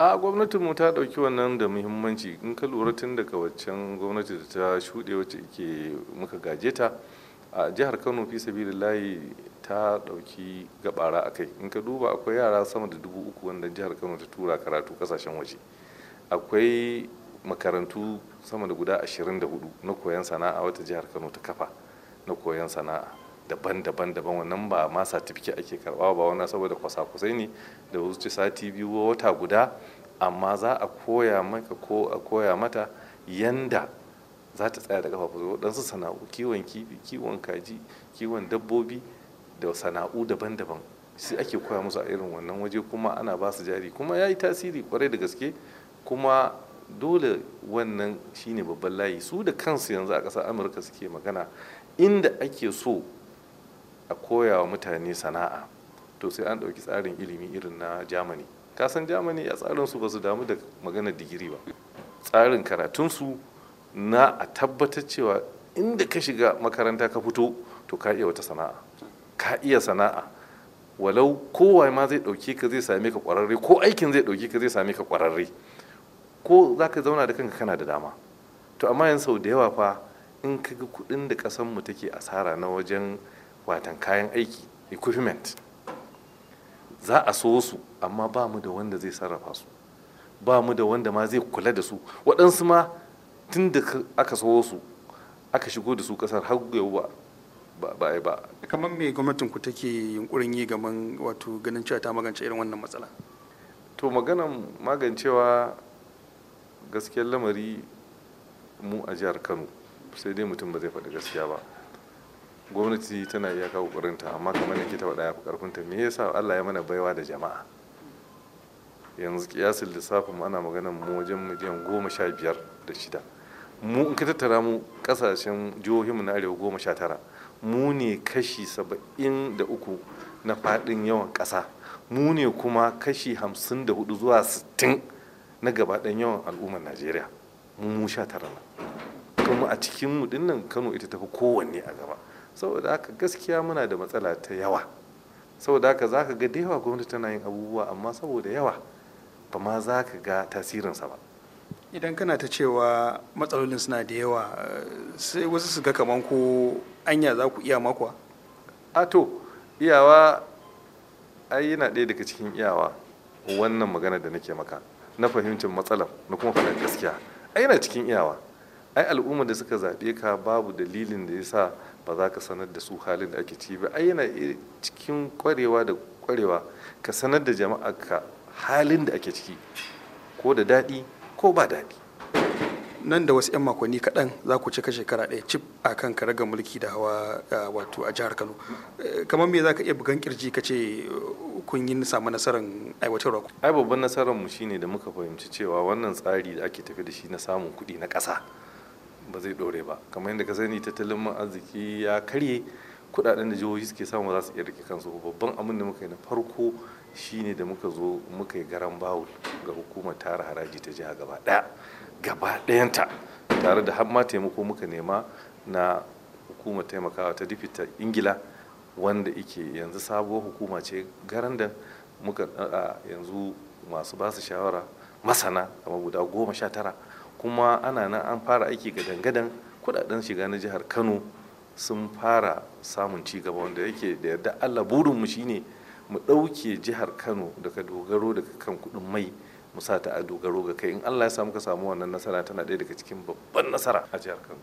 a mu ta ɗauki wannan da muhimmanci in ka lura tun daga waccan gwamnati da ta shuɗe wacce ke muka gaje ta a jihar kano fi sabilillahi ta ɗauki gabara a kai in ka duba akwai yara sama da dubu uku wanda jihar kano ta tura karatu kasashen waje akwai makarantu sama da guda ashirin da hudu na koyon sana'a wata jihar kano ta kafa na koyon sana'a daban-daban daban wannan ba ma satifiki ake karba ba wannan saboda kwasa-kwasai ne da wuce sati biyu wata guda amma za a koya maka ko a koya mata yanda za ta tsaya da kafafu waɗansu sana'u kiwon kifi kiwon kaji kiwon dabbobi da sana'u daban-daban sai ake koya musu a irin wannan waje kuma ana ba su jari kuma ya yi tasiri kwarai da gaske kuma dole wannan shine babban layi su da kansu yanzu a ƙasar amurka suke magana inda ake so a koya wa mutane sana'a to sai an ɗauki tsarin ilimi irin na germany kasan germany a tsarin su basu damu da magana digiri ba tsarin karatun su na a tabbatar cewa inda ka shiga makaranta ka fito to ka iya wata sana'a ka iya sana'a walau kowa ma zai ɗauke ka zai same ka ƙwararre ko aikin zai ɗauke ka zai same ka ƙwararre ko za ka zauna da kanka kana da dama to amma yanzu sau da yawa fa in ka ga kuɗin da ƙasanmu take asara na wajen watan kayan aiki equipment za a so su amma ba mu da wanda zai sarrafa su ba mu da wanda ma zai kula da su waɗansu ma tun da aka so su aka shigo da su ƙasar har yau ba ba ba kamar me gwamnatin ku take yunkurin yi gaman wato ganin cewa ta magance irin wannan matsala to maganan magancewa gaskiyar lamari mu a jihar kano sai dai mutum ba zai faɗi gaskiya ba gwamnati tana iya kawo ƙurinta amma kamar yake ta faɗa ya fi ƙarfinta me yasa Allah ya mana baiwa da jama'a yanzu kiyasin lissafin mu ana maganar mu wajen miliyan goma sha biyar da shida mu in ka tattara mu ƙasashen jihohinmu na arewa goma sha tara mu ne kashi saba'in da uku na faɗin yawan ƙasa mu ne kuma kashi hamsin da hudu zuwa sittin na gabaɗan yawan al'ummar najeriya mu mu sha tara kuma a cikin mu dinnan kano ita tafi kowanne a gaba saboda haka gaskiya muna da matsala ta yawa saboda haka za ka ga da yawa gwamnati tana yin abubuwa amma saboda yawa ba ma za ka ga tasirinsa ba idan kana ta cewa matsalolin suna da yawa sai wasu su ga kaman ko anya za ku iya makwa a to iyawa ai yana ɗaya daga cikin iyawa wannan magana da nake maka na fahimcin matsalar na kuma faɗar gaskiya ai yana cikin iyawa ai al'ummar da suka zabe ka babu dalilin da yasa ba za ka sanar da su halin da ake ciki ba ai yana cikin kwarewa da kwarewa ka sanar da jama'a ka halin da ake ciki ko da daɗi ko ba daɗi nan da wasu 'yan makonni kaɗan za ku cika shekara ɗaya cip a kan karagar mulki da hawa wato a jihar kano eh, kamar me za ka iya bugan kirji ka ce uh, kun yi samu nasarar aiwatarwa ai babban nasarar mu shine da muka fahimci cewa wannan tsari da ake tafi da shi na samun kuɗi na ƙasa ba zai dore ba kamar yadda ka sani tattalin man arziki ya karye kudaden da jihohi suke samu za su iya rike kansu babban abin da muka yi na farko shine da muka zo muka yi garan bawul ga hukumar tara haraji ta jiha gaba daya gaba dayanta tare da har ma taimako muka nema na hukumar taimakawa ta ta ingila wanda ike yanzu sabuwar hukuma ce garan da muka yanzu masu ba su shawara masana kamar guda goma sha tara kuma ana nan an fara aiki ga dangadan kudaden shiga na jihar kano sun fara samun ci gaba wanda yake da yarda allah burinmu shine mu ɗauke jihar kano daga dogaro daga kan kuɗin mai mu sa ta a dogaro ga kai in allah ya samu ka samu wannan nasara tana daya daga cikin babban nasara a jihar kano